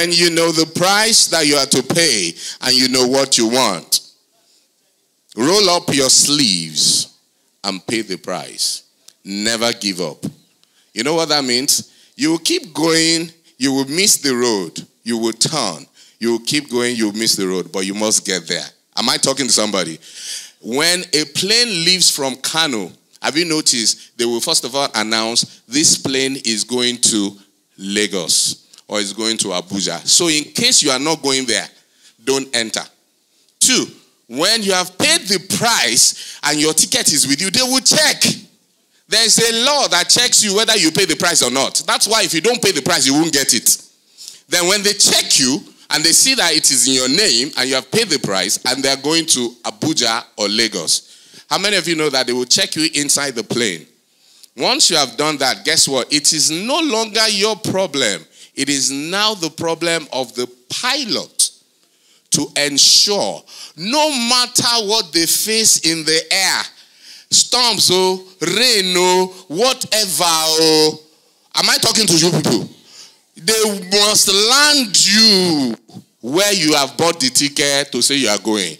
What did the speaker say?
When you know the price that you are to pay and you know what you want, roll up your sleeves and pay the price. Never give up. You know what that means? You will keep going, you will miss the road, you will turn, you will keep going, you will miss the road, but you must get there. Am I talking to somebody? When a plane leaves from Kano, have you noticed they will first of all announce this plane is going to Lagos? or is going to Abuja. So, in case you are not going there, don't enter. Two, when you have paid the price and your ticket is with you, they will check. There's a law that checks you whether you pay the price or not. That's why if you don't pay the price, you won't get it. Then, when they check you and they see that it is in your name and you have paid the price and they're going to Abuja or Lagos, how many of you know that they will check you inside the plane? Once you have done that, guess what? It is no longer your problem. It is now the problem of the pilot to ensure no matter what they face in the air, storms, oh, rain, oh, whatever, oh, am I talking to you people? They must land you where you have bought the ticket to say you are going.